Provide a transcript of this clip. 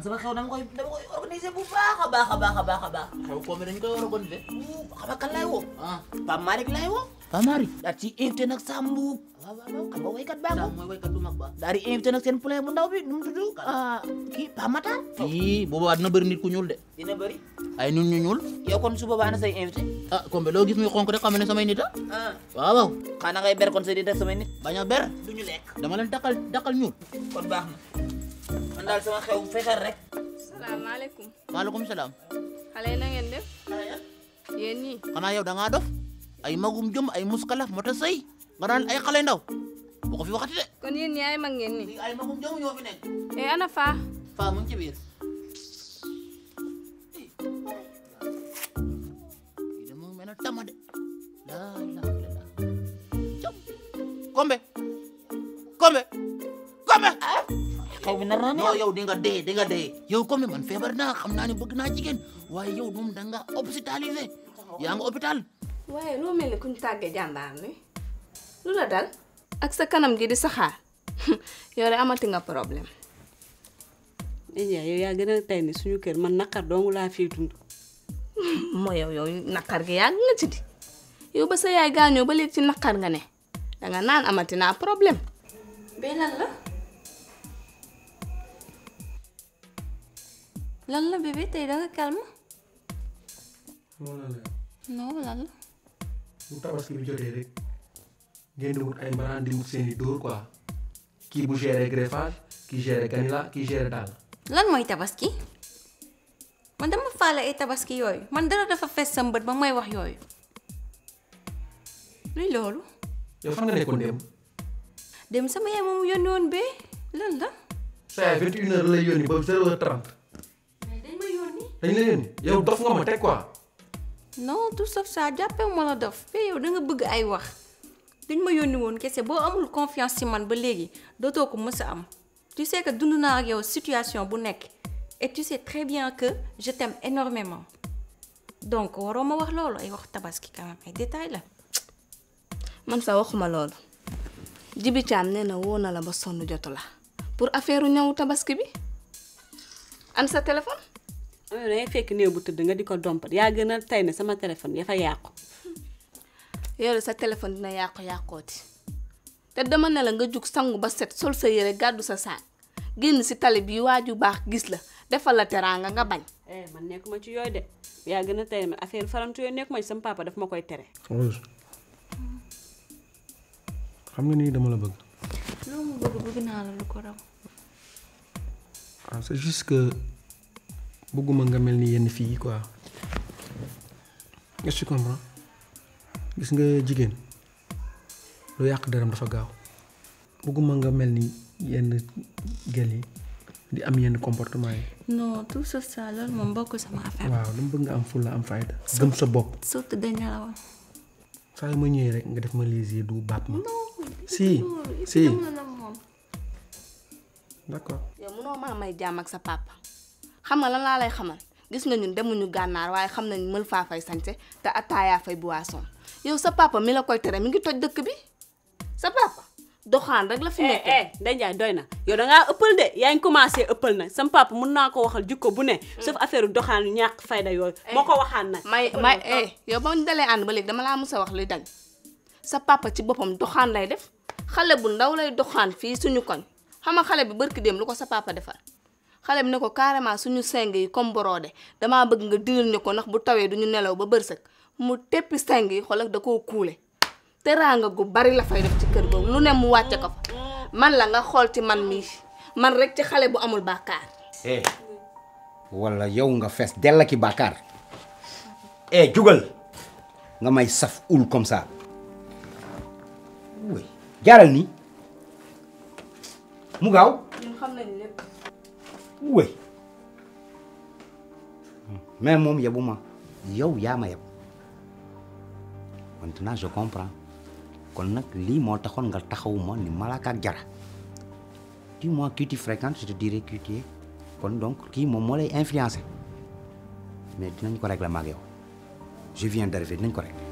Kan uh, kan ah. kan Ang sama kaw namo koy namo koy organize bu baaxa baaxa baaxa baaxa baax. Xew ko mi dañ organize. Xama kan lay wo? Ah, Pam Malik lay wo? Pam Malik. Da ci invité nak Sambu. Waaw waaw xam nga waykat baa moom mooy waykat bi Ah, kii Pam Matar. Ii, bu boobaa dina bëri nit Ay nun ñu ñuul. Yow ya, kon su boobaa na say eh, invité. Ah, kon be gis muy xonk rek ah. Waaw waaw. Xanaa ngay ber kon say nit ber. Duñu lekk. Dama dakal dakal ñuul. Kon daal sama xew fexeel rek. salaamaaleykum. maaleykum salaam. xale na ya. iya, ngeen def. yéen ñii. xanaa ya yow da ngaa dof ay magum jëm ay muskala mota sëy nga daan ay xale ndaw bu ko fi waxati de. kon ay mag ngeen ni ay magum jëm ñoo fi eh ana Fa Faa mu ngi biir. tama de combe combe combe. xew bi nar na ne. non yow di nga dee di nga dee yow comme naa xam naa ne bëgg naa jigéen waaye yow moom da nga yaa nga hôpital. waaye loo mel ni kuñ ñu tàggee jàmbaar lu la dal. ak sa kanam gi di saxaar yow de amati nga problème. Ndiaye yow yaa gën suñu kër man naqar doomu laa gi yàgg nga ci di yow ba sa yaay gaañoo ba léegi ci naqar nga ne danga naan amati naa problème. bee lan la. lan la bébé tey danga calme. non lan la. non lan la. bu tabaski bi jotee rek ngeen di wut ay mbalaan di wut seeni dóor quoi kii bu géré greffage kii géré ganila kii géré daal. lan mooy tabaski man dama faale ay tabaski yooyu man dara dafa fees sa mbët ba may wax yooyu luy loolu. yow fan nga nekkoon dem. dem sama yaay moom yónni woon bee lan la. saa vingt et une heures lay yónni ba zéro heure trente. dañ rien. yow dof nga ma teg quoi. non tout sauf ça jàppewu ma la dof mais yow da nga bëgg ay wax dañ ma yónni woon kese boo amul confiance ci man ba léegi dootoo ko mës am tu sais que dund naa ak yow situation bu nekk et tu sais très bien que je t'aime énormément donc waroo ma wax loolu ay wax tabaski quand ay détails la. man sa waxuma loolu. Jibi Thiam nee na woo na la ba sonn jotu pour affaire ñawu tabaski bi am sa téléphone. dangay fekk néew bu tëdd nga di ko dompat yaa gën a tey ne sama téléphone ya fa yàqu yow sa téléphone dina yàqu yàqooti te dama ne la nga jug sangu ba set sol sa yére gàddu sa saak génn si tali bi waaju baax gis la defal la teraanga nga bañ eh man nekkuma ci yooyu de yaa gën a tey man affaire farantu yooyu nekkuma ci sama papa daf ma koy tere rose xam nga nii dama la bëgg loo mu bëgg bëgg naa la lu ko raw ah c'est juste que bëgguma nga mel ni yenn fii quoi est-ce que tu gis nga jigéen lu yàq dërëm dafa gaaw bëgguma nga mel ni yenn gel yi di am yenn comportement yi. non tout ça ça loolu moom bokk sama affaire. waaw dama bëgg nga am fulla am fayda. gëm sa bopp surtout dañ la saa yu ma ñëwee rek nga def ma les du baat ma. si si d'accord. yow mënoo maa may jàmm ak sa papa. xam na la laa lay xamal gis nga ñun ñu gànnaar waaye xam nañ mël faa fay sañse te attaayaa fay boisson yow sa papa mi la koy tere mu ngi toj dëkk bi sa papa doxaan rek la fi eh, nekk eh, Ndeye Ndiaye doy na yow da yaa ngi commencé ëppal na sam mun naa ko waxal jikko bu ne mm. sauf affaire doxaan yu ñàkk fayda yooyu moo eh, ko waxaan nag may may yow ba ñu dalee ànd ba léegi dama laa mos wax luy dañ sa papa ci boppam doxaan lay def xale bu ndaw lay doxaan fii suñu koñ xam nga xale bi barki dem lu ko sa papa defar xale bi ne ko carrément suñu seng yi comme boroode damaa bëgg nga digal ñu ko ndax bu tawee duñu nelaw ba bërsëg mu teppi seng yi xoolal da koo kuule teraanga gu bari la fay def ci kër googu lu ne mu wàcce ko fa man la nga xool ci man mii man rek ci xale bu amul bàkkaar eh wala yow nga fees dell ki bàkkaar eh nga may saf ul comme ça jaaral nii mu gaaw Oui, Mais mon yabouma, yow yama Maintenant, je comprends. Kon nak li mo taxone nga là. ni malaka Dis-moi qui tu fréquentes, je te dirai qui tu es. donc ki mom mo Mais dinañ ko régler Je viens d'arriver, dinañ ko régler.